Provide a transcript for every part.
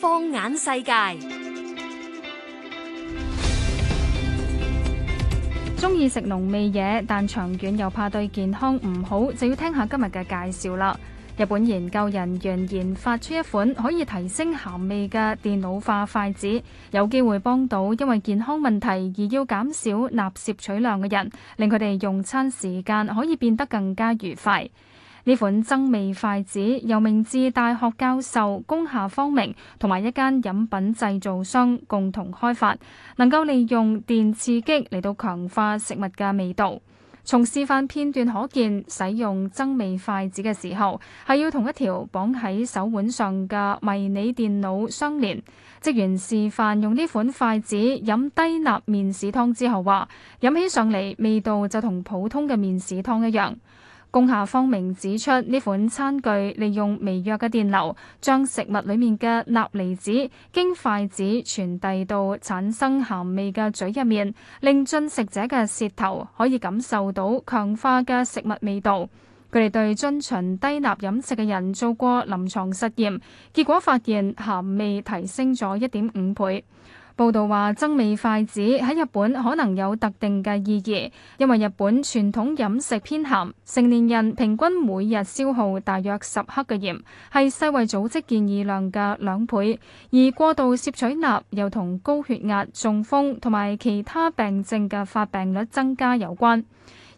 放眼世界，中意食濃味嘢，但長遠又怕對健康唔好，就要聽下今日嘅介紹啦。日本研究人員研發出一款可以提升鹹味嘅電腦化筷子，有機會幫到因為健康問題而要減少鈉攝取量嘅人，令佢哋用餐時間可以變得更加愉快。呢款增味筷子由明治大學教授宮下芳明同埋一間飲品製造商共同開發，能夠利用電刺激嚟到強化食物嘅味道。從示範片段可見，使用增味筷子嘅時候係要同一條綁喺手腕上嘅迷你電腦相連。職員示範用呢款筷子飲低鈉麵豉湯之後話，飲起上嚟味道就同普通嘅麵豉湯一樣。宮下芳明指出，呢款餐具利用微弱嘅電流，將食物裏面嘅鈉離子經筷子傳遞到產生鹹味嘅嘴入面，令進食者嘅舌頭可以感受到強化嘅食物味道。佢哋對遵循低鈉飲食嘅人做過臨床實驗，結果發現鹹味提升咗一點五倍。報道話，增味筷子喺日本可能有特定嘅意義，因為日本傳統飲食偏鹹，成年人平均每日消耗大約十克嘅鹽，係世衛組織建議量嘅兩倍，而過度攝取鈉又同高血壓、中風同埋其他病症嘅發病率增加有關。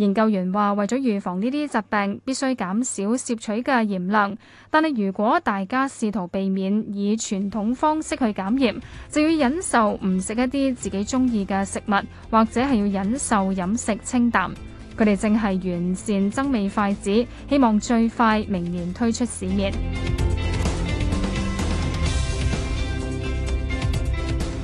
研究員話：為咗預防呢啲疾病，必須減少攝取嘅鹽量。但係如果大家試圖避免以傳統方式去減鹽，就要忍受唔食一啲自己中意嘅食物，或者係要忍受飲食清淡。佢哋正係完善增味筷子，希望最快明年推出市面。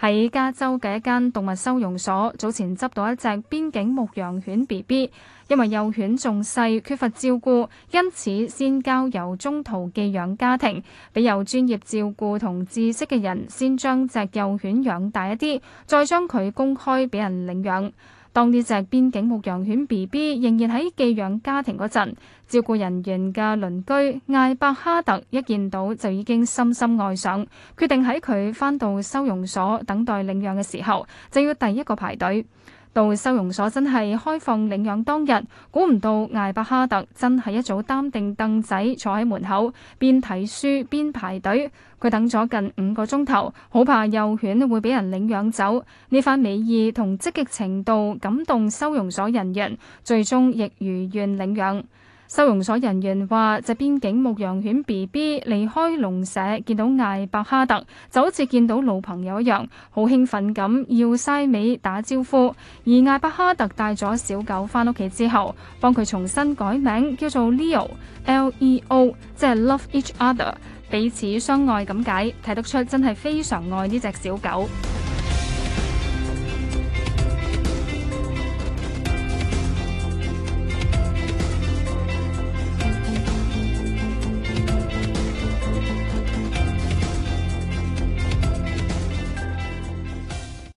喺加州嘅一間動物收容所，早前執到一隻邊境牧羊犬 BB，因為幼犬仲細，缺乏照顧，因此先交由中途寄養家庭，俾有專業照顧同知識嘅人先將隻幼犬養大一啲，再將佢公開俾人領養。當呢隻邊境牧羊犬 B B 仍然喺寄養家庭嗰陣，照顧人員嘅鄰居艾伯哈特一見到就已經深深愛上，決定喺佢返到收容所等待領養嘅時候，就要第一個排隊。到收容所真係開放領養當日，估唔到艾伯哈特真係一早擔定凳仔坐喺門口，邊睇書邊排隊。佢等咗近五個鐘頭，好怕幼犬會俾人領養走。呢番美意同積極程度感動收容所人員，最終亦如願領養。收容所人員話：隻邊境牧羊犬 B B 離開農舍，見到艾伯哈特就好似見到老朋友一樣，好興奮咁要晒尾打招呼。而艾伯哈特帶咗小狗翻屋企之後，幫佢重新改名叫做 Leo，L E O，即係 Love Each Other，彼此相愛咁解。睇得出真係非常愛呢隻小狗。